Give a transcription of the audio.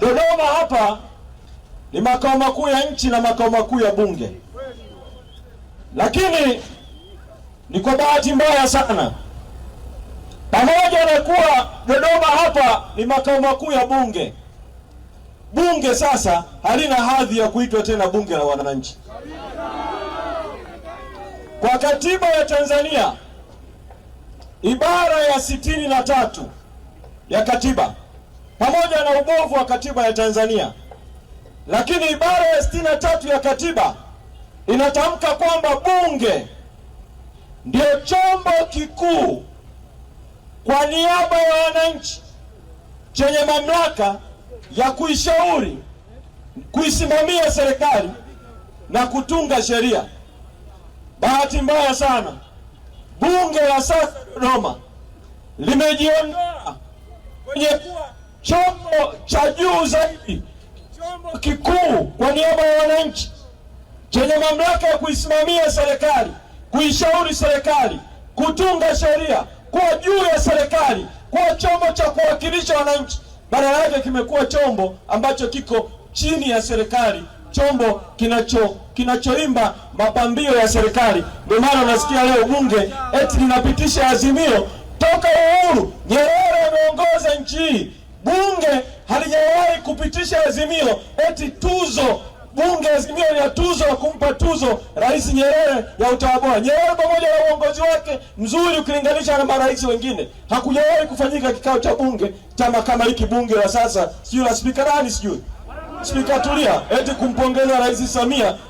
Dodoma hapa ni makao makuu ya nchi na makao makuu ya bunge, lakini ni kwa bahati mbaya sana, pamoja na kuwa Dodoma hapa ni makao makuu ya bunge, bunge sasa halina hadhi ya kuitwa tena bunge la wananchi. Kwa katiba ya Tanzania ibara ya sitini na tatu ya katiba pamoja na ubovu wa katiba ya Tanzania, lakini ibara ya sitini na tatu ya katiba inatamka kwamba bunge ndio chombo kikuu kwa niaba ya wananchi chenye mamlaka ya kuishauri, kuisimamia serikali na kutunga sheria. Bahati mbaya sana, bunge la sasa Dodoma limejiondoa kwenye chombo cha juu zaidi, chombo kikuu kwa niaba ya wananchi, chenye mamlaka ya kuisimamia serikali, kuishauri serikali, kutunga sheria, kuwa juu ya serikali, kuwa chombo cha kuwakilisha wananchi, badala yake kimekuwa chombo ambacho kiko chini ya serikali, chombo kinacho kinachoimba mapambio ya serikali. Ndio maana unasikia leo bunge eti linapitisha azimio toka uhuru Nyerere ameongoza nchi hii kupitisha azimio eti tuzo bunge azimio ya tuzo ya kumpa tuzo Rais Nyerere ya utawala Nyerere pamoja na uongozi wake mzuri ukilinganisha na marais wengine, hakujawahi kufanyika kikao cha bunge chama kama hiki bunge la sasa, sijui la spika nani, sijui spika Tulia, eti kumpongeza Rais Samia